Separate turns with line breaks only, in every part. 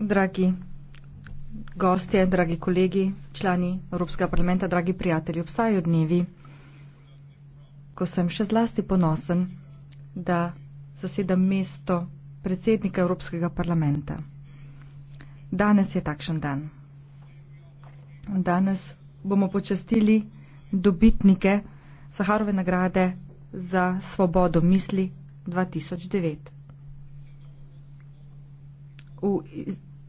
Dragi gostje, dragi kolegi, člani Evropskega parlamenta, dragi prijatelji, obstajajo dnevi, ko sem še zlasti ponosen, da zasedam mesto predsednika Evropskega parlamenta. Danes je takšen dan. Danes bomo počastili dobitnike Saharove nagrade za svobodo misli 2009. V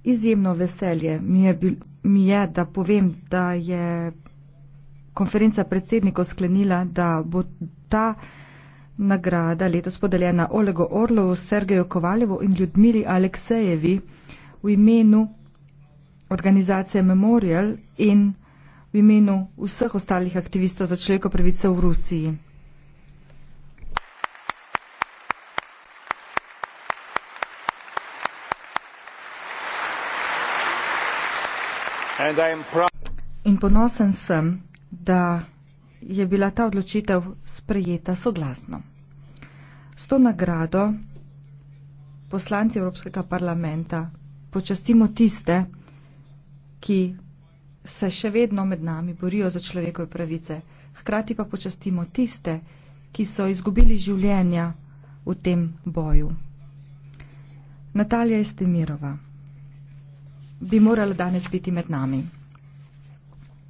izjemno veselje mi je, bil, mi je, da povem, da je konferenca predsednikov sklenila, da bo ta nagrada letos podeljena Olego Orlovu, Sergeju Kovaljevu in Ljudmili Aleksejevi v imenu organizacije Memorial in v imenu vseh ostalih aktivistov za človekov pravice v Rusiji. In ponosen sem, da je bila ta odločitev sprejeta soglasno. S to nagrado poslanci Evropskega parlamenta počastimo tiste, ki se še vedno med nami borijo za človekove pravice, hkrati pa počastimo tiste, ki so izgubili življenja v tem boju. Natalija Estemirova bi morala danes biti med nami.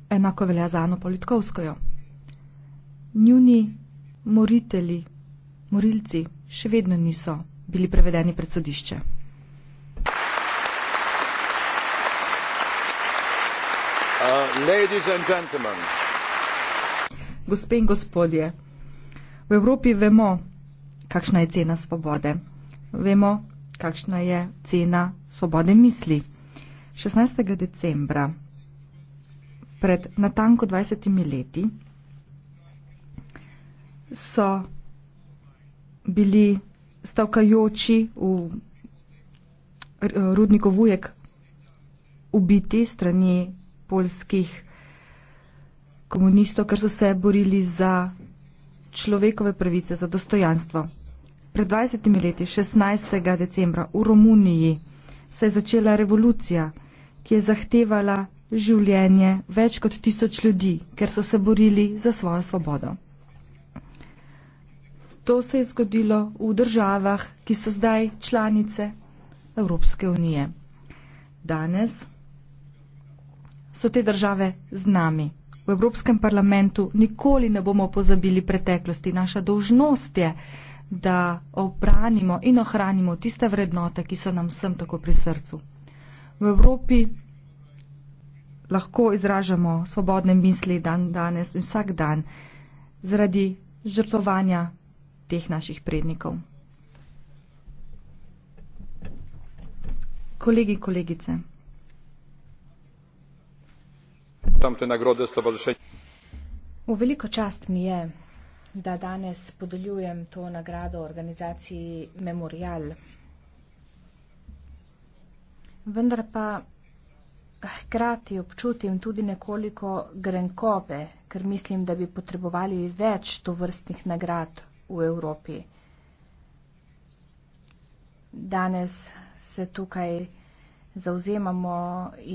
Enako velja za Ano Politkovskojo. Njuni moriteli, morilci še vedno niso bili prevedeni pred sodišče.
Uh,
Gospe in gospodje, v Evropi vemo, kakšna je cena svobode. Vemo, kakšna je cena svobode misli. 16. decembra, pred natanko 20 leti, so bili stavkajoči v rudniku Vujek ubiti strani polskih komunistov, ker so se borili za človekove pravice, za dostojanstvo. Pred 20 leti, 16. decembra, v Romuniji se je začela revolucija ki je zahtevala življenje več kot tisoč ljudi, ker so se borili za svojo svobodo. To se je zgodilo v državah, ki so zdaj članice Evropske unije. Danes so te države z nami. V Evropskem parlamentu nikoli ne bomo pozabili preteklosti. Naša dožnost je, da obranimo in ohranimo tiste vrednote, ki so nam vsem tako pri srcu v Evropi lahko izražamo svobodne misli dan danes in vsak dan zaradi žrtvovanja teh naših prednikov.
Kolegi, kolegice. V veliko čast mi je, da danes podeljujem to nagrado organizaciji Memorial vendar pa eh, hkrati občutim tudi nekoliko grenkobe, ker mislim, da bi potrebovali več tovrstnih nagrad v Evropi. Danes se tukaj zauzemamo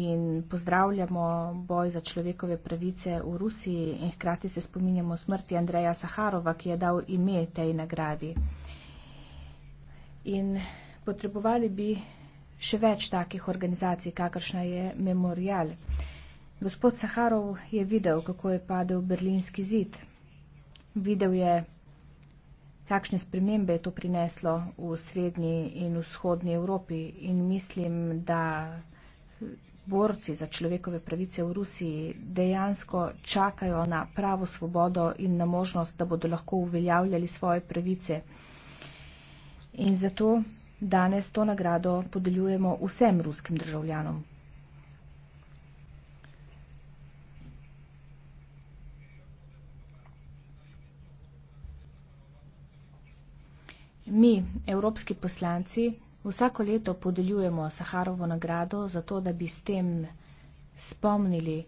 in pozdravljamo boj za človekove pravice v Rusiji in hkrati se spominjamo smrti Andreja Saharova, ki je dal ime tej nagradi. In potrebovali bi še več takih organizacij, kakršna je memorial. Gospod Saharov je videl, kako je padel berlinski zid. Videl je, kakšne spremembe je to prineslo v srednji in vzhodni Evropi in mislim, da borci za človekove pravice v Rusiji dejansko čakajo na pravo svobodo in na možnost, da bodo lahko uveljavljali svoje pravice. In zato Danes to nagrado podeljujemo vsem ruskim državljanom. Mi, evropski poslanci, vsako leto podeljujemo Saharovo nagrado zato, da bi s tem spomnili,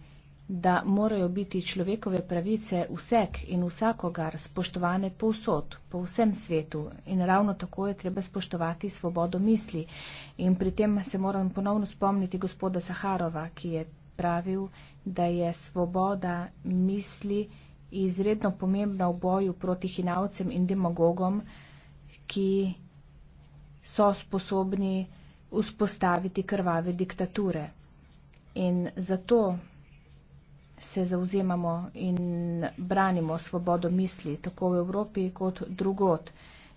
da morajo biti človekove pravice vsek in vsakogar spoštovane povsod, po vsem svetu in ravno tako je treba spoštovati svobodo misli. In pri tem se moram ponovno spomniti gospoda Saharova, ki je pravil, da je svoboda misli izredno pomembna v boju proti hinavcem in demagogom, ki so sposobni vzpostaviti krvave diktature. In zato se zauzemamo in branimo svobodo misli, tako v Evropi kot drugot.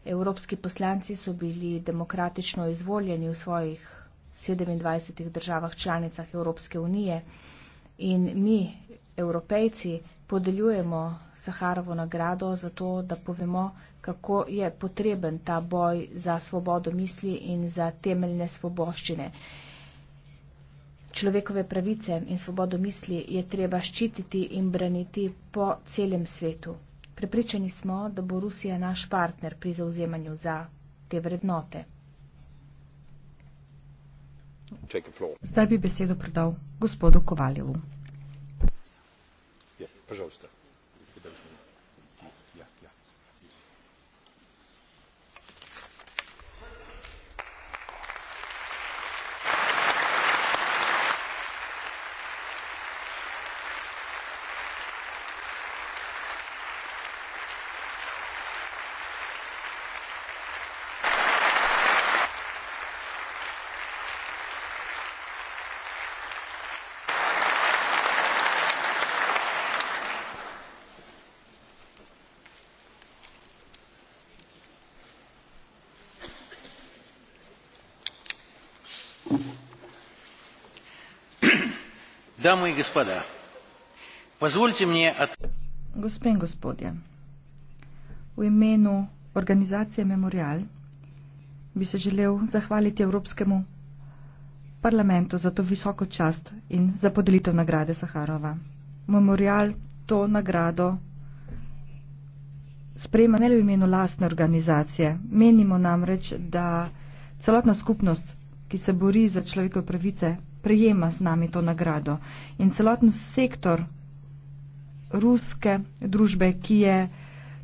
Evropski poslanci so bili demokratično izvoljeni v svojih 27 državah članicah Evropske unije in mi, evropejci, podeljujemo Saharovo nagrado za to, da povemo, kako je potreben ta boj za svobodo misli in za temeljne svoboščine človekove pravice in svobodo misli je treba ščititi in braniti po celem svetu. Prepričani smo, da bo Rusija naš partner pri zauzemanju za te vrednote. Zdaj bi
besedo predal gospodu
Kovaljevu. Ja, Дамы и господа, позвольте мне от...
Господин господин, в имену организации «Мемориал» би се желел захвалить Европскому парламенту за ту высокую част и за поделитов награды Сахарова. «Мемориал» то награду sprejema ne le v imenu lastne organizacije. Menimo namreč, da celotna skupnost, ki se bori za človekove pravice, prejema z nami to nagrado. In celoten sektor ruske družbe, ki, je,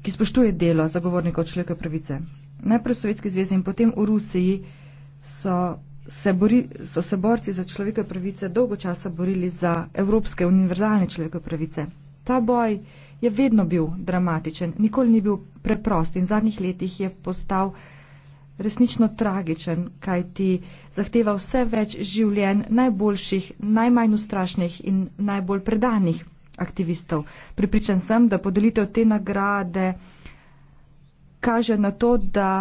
ki spoštuje delo zagovornikov človekove pravice, najprej v Sovjetski zvezi in potem v Rusiji, so se, bori, so se borci za človekove pravice dolgo časa borili za evropske univerzalne človekove pravice. Ta boj je vedno bil dramatičen, nikoli ni bil preprost in v zadnjih letih je postal resnično tragičen, kaj ti zahteva vse več življenj najboljših, najmanj ustrašnih in najbolj predanih aktivistov. Pripričan sem, da podelitev te nagrade kaže na to, da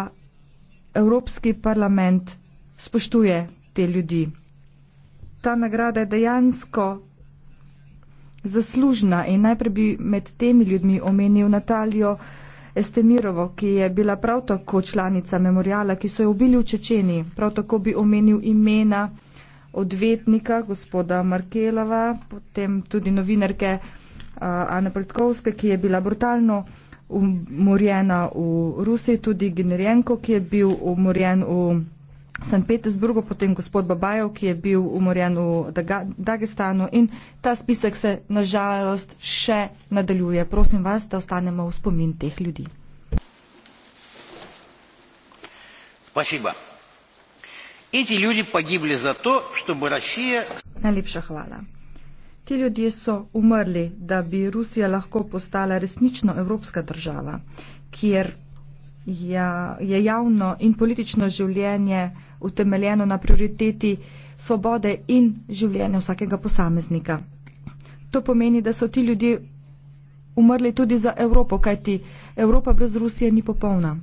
Evropski parlament spoštuje te ljudi. Ta nagrada je dejansko zaslužna in najprej bi med temi ljudmi omenil Natalijo. Estemirovo, ki je bila prav tako članica memoriala, ki so jo ubili v Čečeni. Prav tako bi omenil imena odvetnika gospoda Markelova, potem tudi novinarke uh, Ane Pletkovske, ki je bila brutalno umorjena v Rusiji, tudi Generjenko, ki je bil umorjen v. San Petersburgu, potem gospod Babajev, ki je bil umorjen v Dagestanu in ta spisek se nažalost še nadaljuje. Prosim vas, da ostanemo v spomin teh ljudi. Hvala. Ti ljudje pogibli za to, da bi Rusija. Najlepša hvala. Ti ljudje so umrli, da bi Rusija lahko postala resnično evropska država, kjer ja, je javno in politično življenje utemeljeno na prioriteti svobode in življenja vsakega posameznika. To pomeni, da so ti ljudje umrli tudi za Evropo, kajti Evropa brez Rusije ni popolna.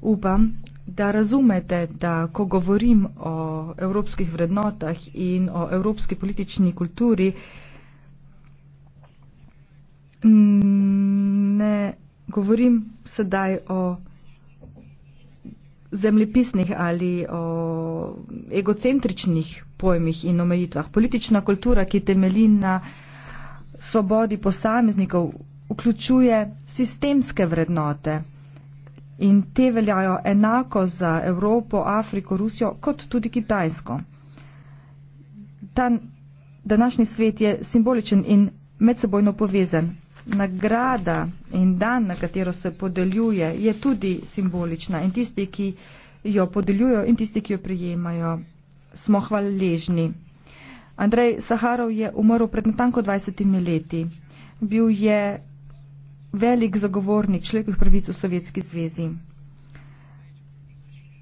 Upam, da razumete, da ko govorim o evropskih vrednotah in o evropski politični kulturi, ne govorim sedaj o zemljepisnih ali o egocentričnih pojmih in omejitvah. Politična kultura, ki temelji na svobodi posameznikov, vključuje sistemske vrednote in te veljajo enako za Evropo, Afriko, Rusijo kot tudi Kitajsko. Ta današnji svet je simboličen in medsebojno povezan nagrada in dan, na katero se podeljuje, je tudi simbolična in tisti, ki jo podeljujo in tisti, ki jo prijemajo, smo hvaležni. Andrej Saharov je umrl pred natanko 20 leti. Bil je velik zagovornik človekovih pravic v Sovjetski zvezi.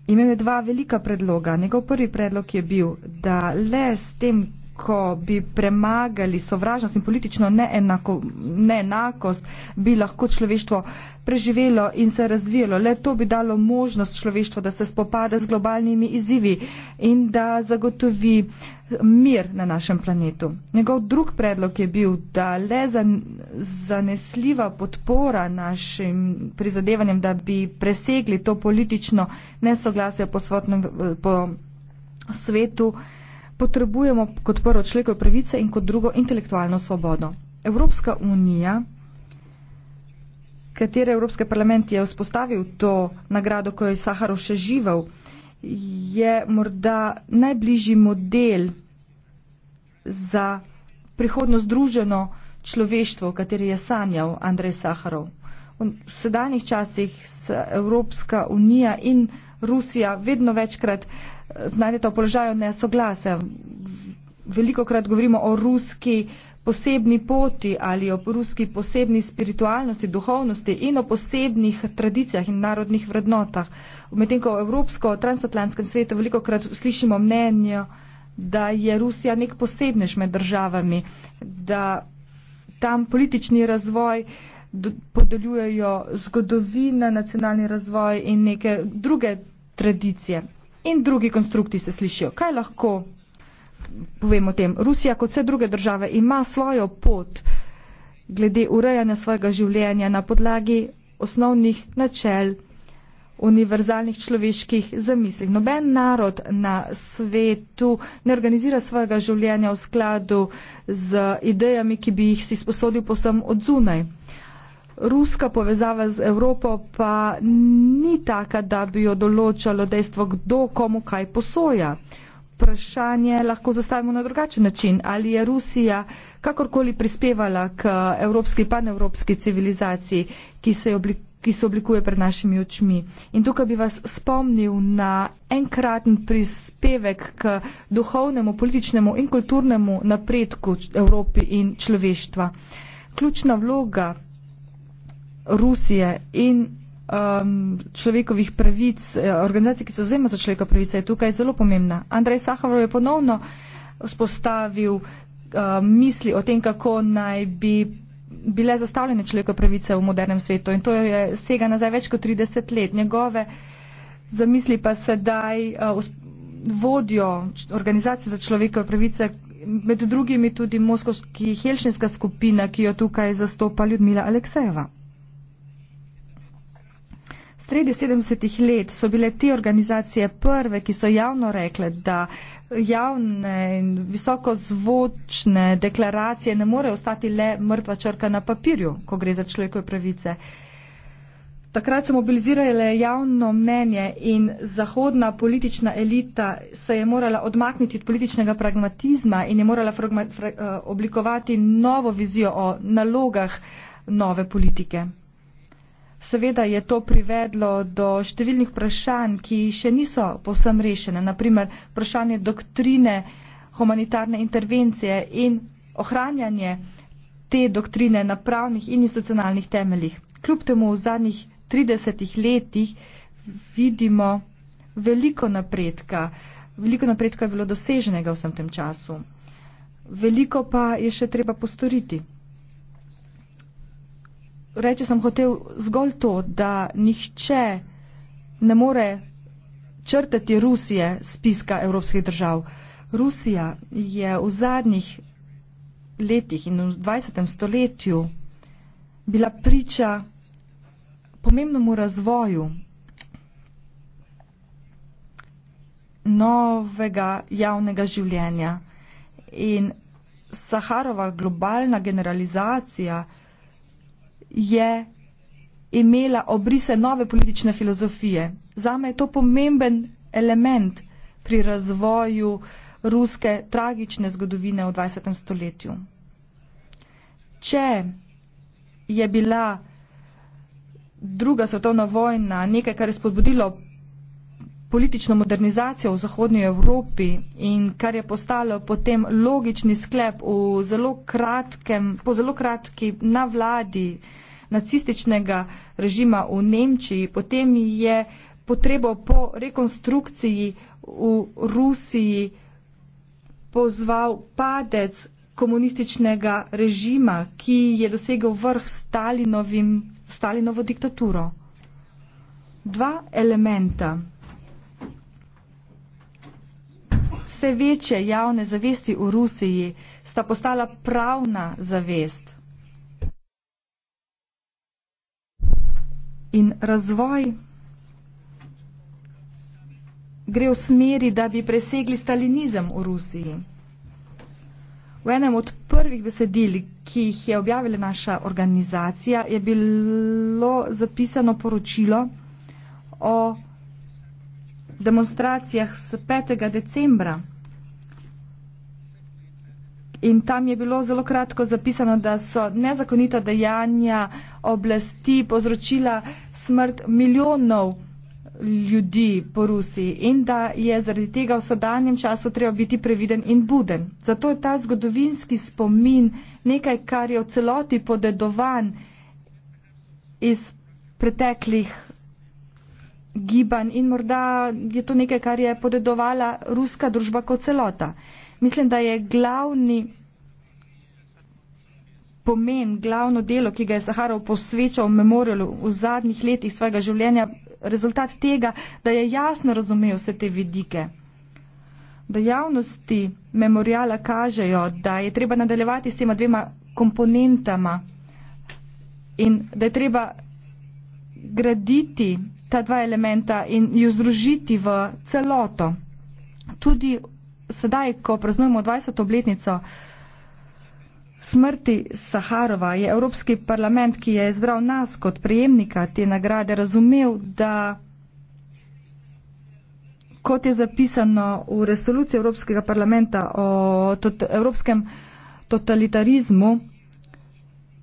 Imel je dva velika predloga. Njegov prvi predlog je bil, da le s tem ko bi premagali sovražnost in politično neenako, neenakost, bi lahko človeštvo preživelo in se razvijalo. Le to bi dalo možnost človeštvu, da se spopada z globalnimi izzivi in da zagotovi mir na našem planetu. Njegov drug predlog je bil, da le zanesljiva podpora našim prizadevanjem, da bi presegli to politično nesoglasje po, svotnem, po svetu, potrebujemo kot prvo človekove pravice in kot drugo intelektualno svobodo. Evropska unija, katere Evropske parlament je vzpostavil to nagrado, ko je Saharov še živel, je morda najbližji model za prihodno združeno človeštvo, kateri je sanjal Andrej Saharov. V sedanjih časih Evropska unija in Rusija vedno večkrat znajdeta v položaju nesoglasja. Veliko krat govorimo o ruski posebni poti ali o ruski posebni spiritualnosti, duhovnosti in o posebnih tradicijah in narodnih vrednotah. Medtem ko v evropsko transatlantskem svetu veliko krat slišimo mnenje, da je Rusija nek posebnež med državami, da tam politični razvoj podeljujejo zgodovina, nacionalni razvoj in neke druge tradicije in drugi konstrukti se slišijo. Kaj lahko povemo tem? Rusija kot vse druge države ima svojo pot glede urejanja svojega življenja na podlagi osnovnih načel, univerzalnih človeških zamislih. Noben narod na svetu ne organizira svojega življenja v skladu z idejami, ki bi jih si sposodil posem od zunaj. Uh, ruska povezava z Evropo pa ni taka, da bi jo določalo dejstvo, kdo komu kaj posoja. Vprašanje lahko zastavimo na drugačen način. Ali je Rusija kakorkoli prispevala k evropski, panevropski civilizaciji, ki se, oblik, ki se oblikuje pred našimi očmi? In tukaj bi vas spomnil na enkraten prispevek k duhovnemu, političnemu in kulturnemu napredku Evropi in človeštva. Ključna vloga Rusije in um, človekovih pravic, eh, organizacij, ki se zauzema za človekove pravice, je tukaj zelo pomembna. Andrej Sahavrov je ponovno vzpostavil uh, misli o tem, kako naj bi bile zastavljene človekove pravice v modernem svetu in to je sega nazaj več kot 30 let. Njegove zamisli pa sedaj uh, vodijo organizacije za človekove pravice, med drugimi tudi Moskovski helšinska skupina, ki jo tukaj zastopa Ljudmila Aleksejeva. Sredi 70-ih let so bile te organizacije prve, ki so javno rekle, da javne in visokozvočne deklaracije ne morejo ostati le mrtva črka na papirju, ko gre za človekove pravice. Takrat so mobilizirale javno mnenje in zahodna politična elita se je morala odmakniti od političnega pragmatizma in je morala eh, oblikovati novo vizijo o nalogah nove politike. Seveda je to privedlo do številnih vprašanj, ki še niso povsem rešene, naprimer vprašanje doktrine humanitarne intervencije in ohranjanje te doktrine na pravnih in institucionalnih temeljih. Kljub temu v zadnjih 30 letih vidimo veliko napredka, veliko napredka je bilo doseženega v vsem tem času. Veliko pa je še treba postoriti reči sem hotel zgolj to, da nihče ne more črtati Rusije z spiska evropskih držav. Rusija je v zadnjih letih in v 20. stoletju bila priča pomembnemu razvoju novega javnega življenja. In Saharova globalna generalizacija je imela obrise nove politične filozofije. Zame je to pomemben element pri razvoju ruske tragične zgodovine v 20. stoletju. Če je bila druga svetovna vojna nekaj, kar je spodbudilo politično modernizacijo v Zahodnji Evropi in kar je postalo potem logični sklep v zelo kratkem, po zelo kratki navladi vladi nacističnega režima v Nemčiji, potem je potrebo po rekonstrukciji v Rusiji pozval padec komunističnega režima, ki je dosegel vrh Stalinovim, Stalinovo diktaturo. Dva elementa. Vse večje javne zavesti v Rusiji sta postala pravna zavest. in razvoj gre v smeri, da bi presegli stalinizem v Rusiji. V enem od prvih besedil, ki jih je objavila naša organizacija, je bilo zapisano poročilo o demonstracijah z 5. decembra in tam je bilo zelo kratko zapisano, da so nezakonita dejanja oblasti povzročila smrt milijonov ljudi po Rusiji in da je zaradi tega v sodanjem času treba biti previden in buden. Zato je ta zgodovinski spomin nekaj, kar je v celoti podedovan iz preteklih gibanj in morda je to nekaj, kar je podedovala ruska družba kot celota. Mislim, da je glavni pomen, glavno delo, ki ga je Saharov posvečal memorialu v zadnjih letih svojega življenja, rezultat tega, da je jasno razumel vse te vidike. Da javnosti memoriala kažejo, da je treba nadaljevati s tema dvema komponentama in da je treba graditi ta dva elementa in ju združiti v celoto. Tudi sedaj, ko praznujemo 20. obletnico smrti Saharova, je Evropski parlament, ki je izbral nas kot prejemnika te nagrade, razumel, da kot je zapisano v resoluciji Evropskega parlamenta o tot evropskem totalitarizmu,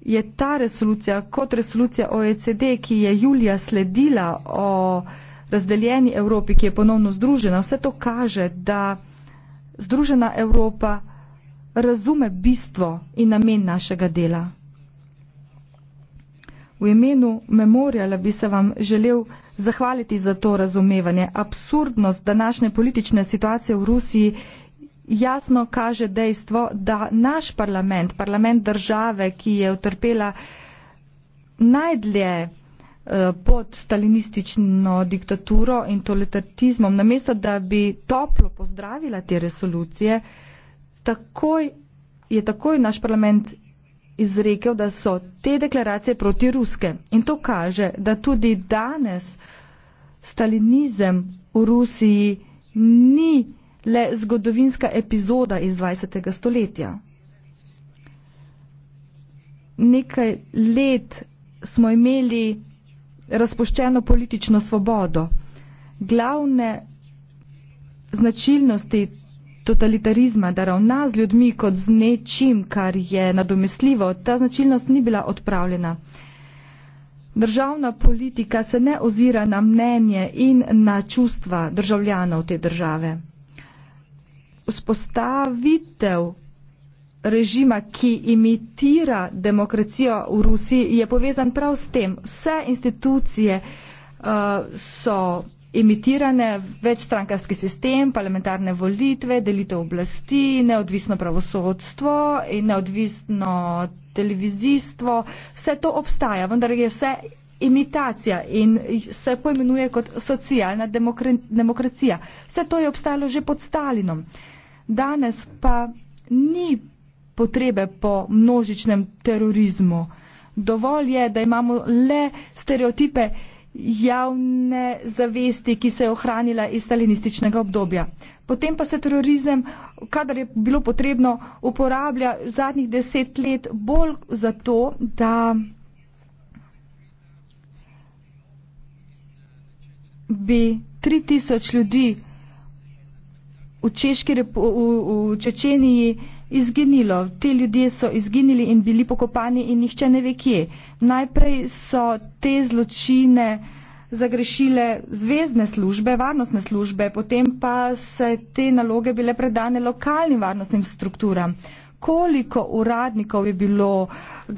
je ta resolucija kot resolucija OECD, ki je julija sledila o razdeljeni Evropi, ki je ponovno združena, vse to kaže, da Združena Evropa razume bistvo in namen našega dela. V imenu memoriala bi se vam želel zahvaliti za to razumevanje. Absurdnost današnje politične situacije v Rusiji jasno kaže dejstvo, da naš parlament, parlament države, ki je utrpela najdlje Eh, pod stalinistično diktaturo in toletatizmom, namesto da bi toplo pozdravila te resolucije, takoj, je takoj naš parlament izrekel, da so te deklaracije proti ruske. In to kaže, da tudi danes stalinizem v Rusiji ni le zgodovinska epizoda iz 20. stoletja. Nekaj let smo imeli razpoščeno politično svobodo. Glavne značilnosti totalitarizma, da ravna z ljudmi kot z nečim, kar je nadomestljivo, ta značilnost ni bila odpravljena. Državna politika se ne ozira na mnenje in na čustva državljanov te države. Vzpostavitev režima, ki imitira demokracijo v Rusiji, je povezan prav s tem. Vse institucije uh, so imitirane, večstrankarski sistem, parlamentarne volitve, delitev oblasti, neodvisno pravosodstvo in neodvisno televizijstvo. Vse to obstaja, vendar je vse imitacija in se poimenuje kot socialna demokracija. Vse to je obstajalo že pod Stalinom. Danes pa ni potrebe po množičnem terorizmu. Dovolj je, da imamo le stereotipe javne zavesti, ki se je ohranila iz stalinističnega obdobja. Potem pa se terorizem, kadar je bilo potrebno, uporablja zadnjih deset let bolj zato, da bi 3000 ljudi v, Češki, v, v Čečeniji uh, izginilo. Ti ljudje so izginili in bili pokopani in nihče ne ve kje. Najprej so te zločine zagrešile zvezdne službe, varnostne službe, potem pa se te naloge bile predane lokalnim varnostnim strukturam. Koliko uradnikov je bilo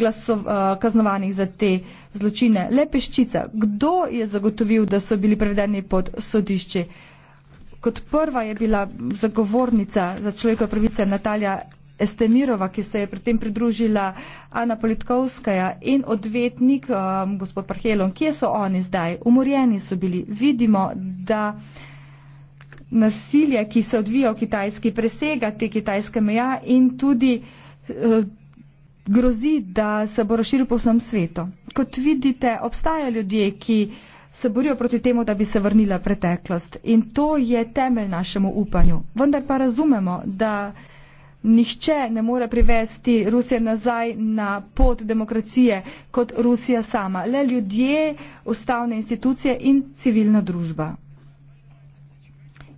glasov, eh, kaznovanih za te zločine? Le peščica. Kdo je zagotovil, da so bili prevedeni pod sodišče? Kot prva je bila zagovornica za človekove pravice Natalija Estemirova, ki se je pri tem pridružila Ana Politkovskaja in odvetnik um, gospod Parhelon. Kje so oni zdaj? Umorjeni so bili. Vidimo, da nasilje, ki se odvija v Kitajski, presega te kitajske meja in tudi uh, grozi, da se bo razširil po vsem svetu. Kot vidite, obstajajo ljudje, ki se borijo proti temu, da bi se vrnila preteklost. In to je temelj našemu upanju. Vendar pa razumemo, da nihče ne more privesti Rusije nazaj na pot demokracije kot Rusija sama. Le ljudje, ustavne institucije in civilna družba.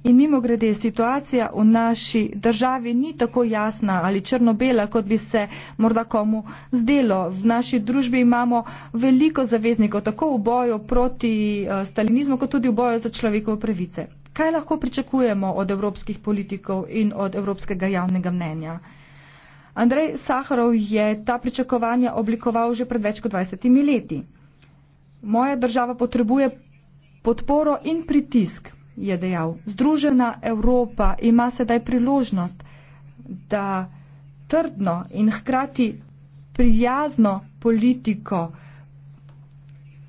In mimo grede, situacija v naši državi ni tako jasna ali črno-bela, kot bi se morda komu zdelo. V naši družbi imamo veliko zaveznikov, tako v boju proti eh, stalinizmu, kot tudi v boju za človekove pravice kaj lahko pričakujemo od evropskih politikov in od evropskega javnega mnenja? Andrej Saharov je ta pričakovanja oblikoval že pred več kot 20 leti. Moja država potrebuje podporo in pritisk, je dejal. Združena Evropa ima sedaj priložnost, da trdno in hkrati prijazno politiko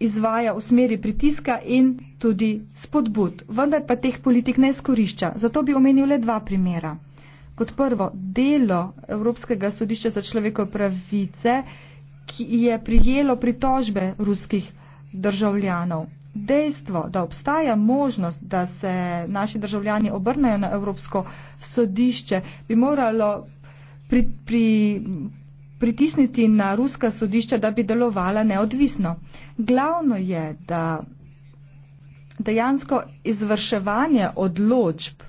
izvaja v smeri pritiska in tudi spodbud, vendar pa teh politik ne izkorišča. Zato bi omenil le dva primera. Kot prvo, delo Evropskega sodišča za človekove pravice, ki je prijelo pritožbe ruskih državljanov. Dejstvo, da obstaja možnost, da se naši državljani obrnajo na Evropsko sodišče, bi moralo pri, pri, pritisniti na ruska sodišča, da bi delovala neodvisno. Glavno je, da dejansko izvrševanje odločb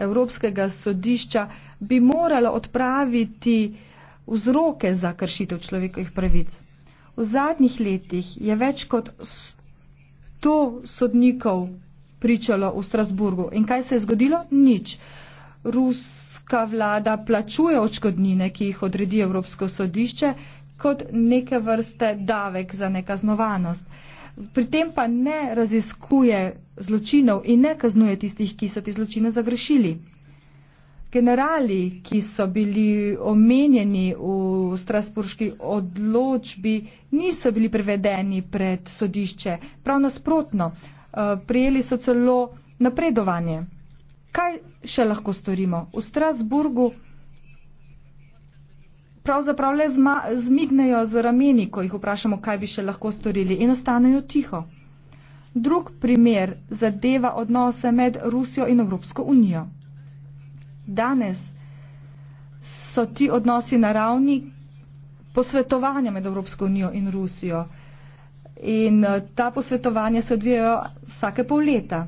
Evropskega sodišča bi moralo odpraviti vzroke za kršitev človekovih pravic. V zadnjih letih je več kot 100 sodnikov pričalo v Strasburgu. In kaj se je zgodilo? Nič. Ruska vlada plačuje očkodnine, ki jih odredi Evropsko sodišče, kot neke vrste davek za nekaznovanost pri tem pa ne raziskuje zločinov in ne kaznuje tistih, ki so te zločine zagrešili. Generali, ki so bili omenjeni v Strasburški odločbi, niso bili prevedeni pred sodišče. Prav nasprotno, eh, prijeli so celo napredovanje. Kaj še lahko storimo? V Strasburgu pravzaprav le zmignejo z rameni, ko jih vprašamo, kaj bi še lahko storili in ostanejo tiho. Drug primer zadeva odnose med Rusijo in Evropsko unijo. Danes so ti odnosi na ravni posvetovanja med Evropsko unijo in Rusijo in eh, ta posvetovanja se odvijajo vsake pol leta.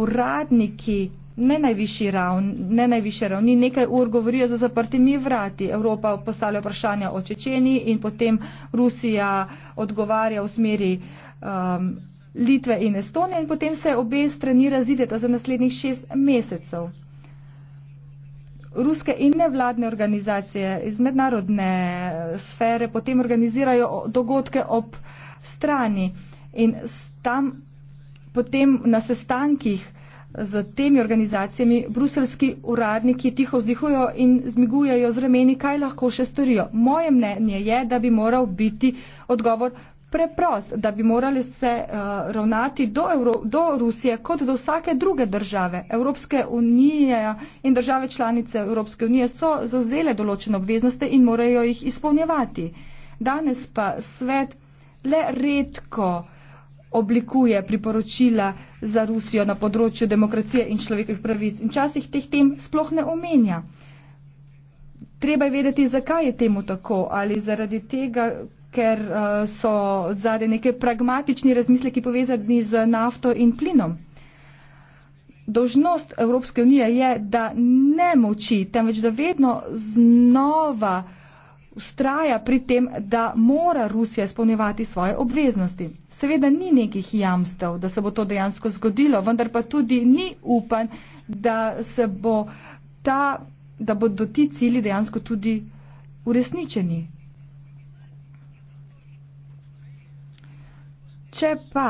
Uradniki ne najvišji ravn, ne najvišje ravni, nekaj ur govorijo za zaprtimi vrati. Evropa postavlja vprašanja o Čečeni in potem Rusija odgovarja v smeri um, Litve in Estonije in potem se obe strani razideta za naslednjih šest mesecev. Ruske in nevladne organizacije iz mednarodne eh, sfere potem organizirajo dogodke ob strani in tam potem na sestankih z temi organizacijami bruselski uradniki tiho vzdihujo in zmigujejo z rameni, kaj lahko še storijo. Moje mnenje je, da bi moral biti odgovor preprost, da bi morali se uh, ravnati do, Evro do Rusije kot do vsake druge države. Evropske unije in države članice Evropske unije so zauzele določene obveznosti in morajo jih izpolnjevati. Danes pa svet le redko uh, oblikuje priporočila za Rusijo na področju demokracije in človekovih pravic. In včasih teh tem sploh ne omenja. Treba je vedeti, zakaj je temu tako. Ali zaradi tega, ker eh, so zade neke pragmatični razmisleki povezani z nafto in plinom. Dožnost Evropske unije je, da ne moči, temveč da vedno znova ustraja pri tem, da mora Rusija izpolnjevati svoje obveznosti. Seveda ni nekih jamstev, da se bo to dejansko zgodilo, vendar pa tudi ni upan, da se bo ta, da bodo ti cili dejansko tudi uresničeni. Če pa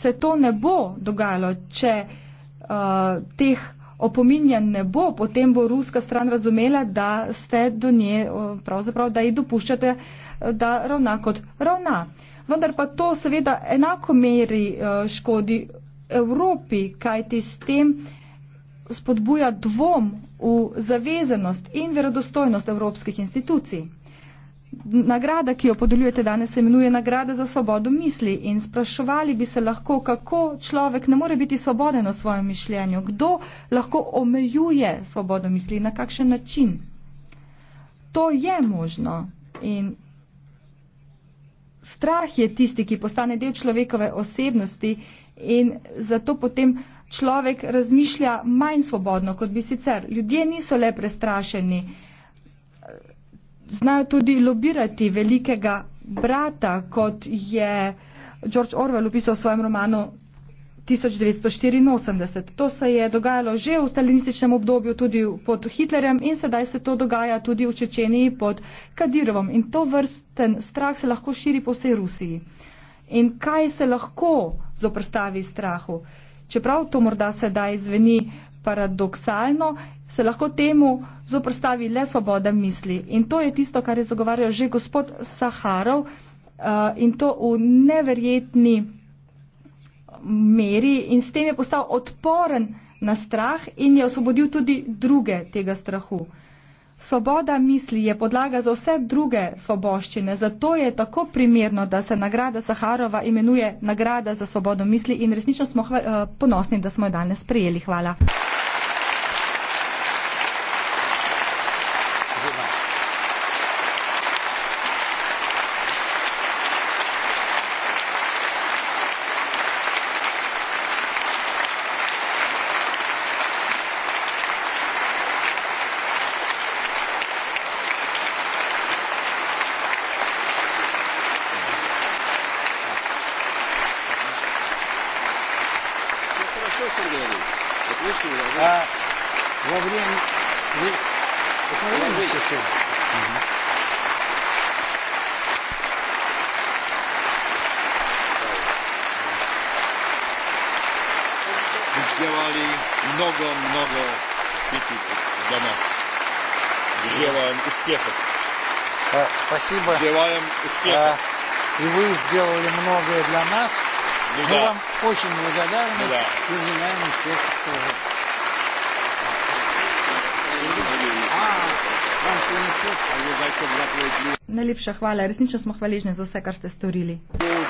se to ne bo dogajalo, če uh, teh opominjan ne bo, potem bo ruska stran razumela, da ste do nje, eh, pravzaprav, da ji dopuščate, eh, da ravna kot ravna. Vendar pa to seveda enako meri eh, škodi Evropi, kajti s tem spodbuja dvom v zavezenost in verodostojnost evropskih institucij. Nagrada, ki jo podeljujete danes, se imenuje Nagrada za svobodo misli in spraševali bi se lahko, kako človek ne more biti svoboden o svojem mišljenju, kdo lahko omejuje svobodo misli in na kakšen način. To je možno in strah je tisti, ki postane del človekove osebnosti in zato potem človek razmišlja manj svobodno, kot bi sicer. Ljudje niso le prestrašeni znajo tudi lobirati velikega brata, kot je George Orwell upisal v svojem romanu 1984. To se je dogajalo že v stalinističnem obdobju tudi pod Hitlerjem in sedaj se to dogaja tudi v Čečeniji pod Kadirovom. In to vrsten strah se lahko širi po vsej Rusiji. In kaj se lahko zoprstavi strahu? Čeprav to morda sedaj zveni paradoksalno, se lahko temu zoprstavi le svoboda misli. In to je tisto, kar je zagovarjal že gospod Saharov uh, in to v neverjetni meri in s tem je postal odporen na strah in je osvobodil tudi druge tega strahu. Svoboda misli je podlaga za vse druge svoboščine, zato je tako primerno, da se nagrada Saharova imenuje nagrada za svobodo misli in resnično smo hva, eh, ponosni, da smo jo danes prijeli. Hvala.
спасибо. Желаем успеха. А, и вы сделали многое для нас. Ну, Мы да. вам очень благодарны да. и желаем успеха тоже.
Najlepša hvala, resnično smo hvaležni za vse, kar ste storili.
Hvala.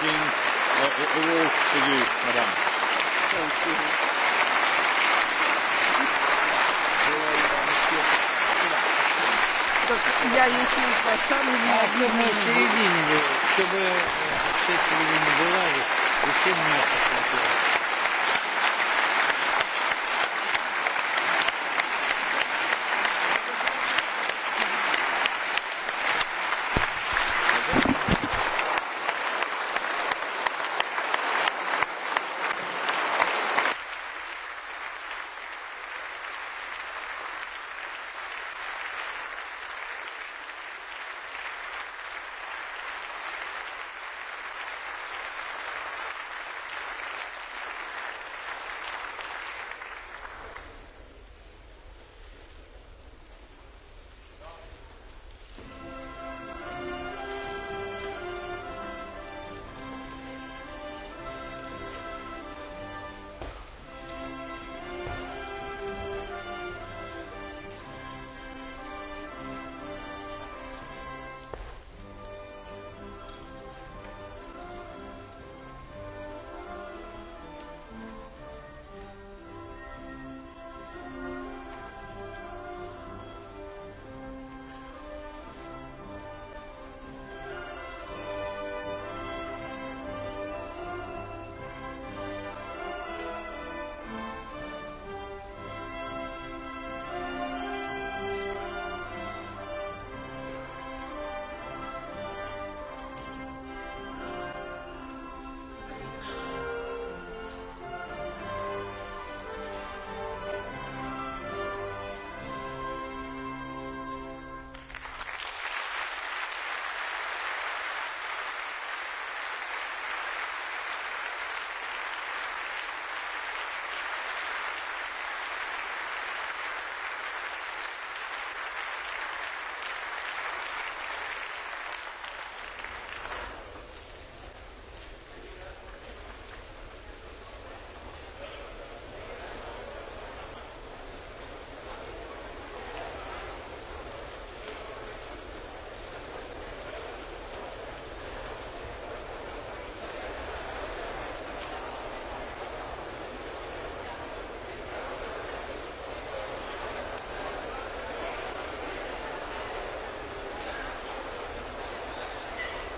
так я если поставлю, мне одно в середине, чтобы все середине была и все внимательно смотрели.